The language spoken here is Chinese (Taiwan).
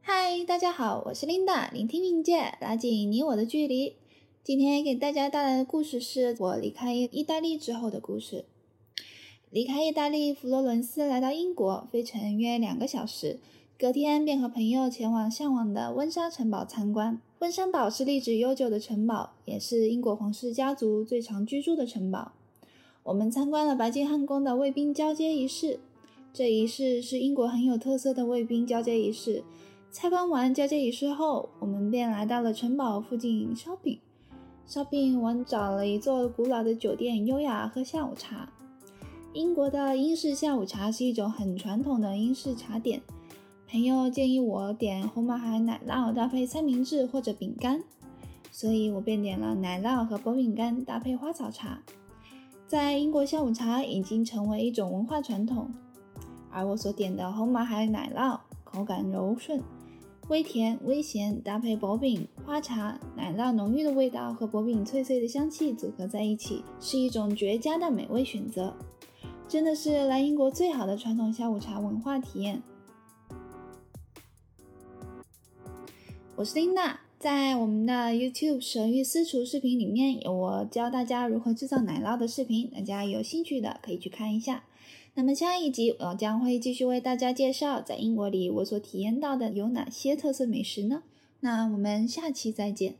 嗨，大家好，我是 Linda，聆聽冥界，拉近你我的距離。今天給大家帶來的故事是我離開意大利之後的故事。離開意大利，佛羅倫斯來到英國，飛程約兩個小時，隔天便和朋友前往向往的溫莎城堡參觀。溫莎堡是歷史悠久的城堡，也是英國皇室家族最常居住的城堡。我們參觀了白金漢宮的衛兵交接儀式，這儀式是英國很有特色的衛兵交接儀式。參觀完交接儀式後，我們便來到了城堡附近燒餅。燒餅，我找了一座古老的酒店優雅喝下午茶。英國的英式下午茶是一種很傳統的英式茶點。朋友建議我點紅毛孩奶酪搭配三明治或者餅乾，所以我便點了奶酪和薄餅乾搭配花草茶。在英國下午茶已經成為一種文化傳統，而我所點的紅毛孩奶酪口感柔順，微甜微鹹，搭配薄餅、花茶、奶酪濃郁的味道和薄餅脆脆的香氣組合在一起，是一種絕佳的美味選擇。真的是來英國最好的傳統下午茶文化體驗。我是 Linda。在我們的 YouTube 神域私廚視頻裡面，有我教大家如何製造奶酪的視頻，大家有興趣的可以去看一下。那麼下一集我將會繼續為大家介紹，在英國裡我所體驗到的有哪些特色美食呢？那我們下期再見。